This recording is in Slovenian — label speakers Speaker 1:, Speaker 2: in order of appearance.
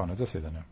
Speaker 1: konec zasedanja.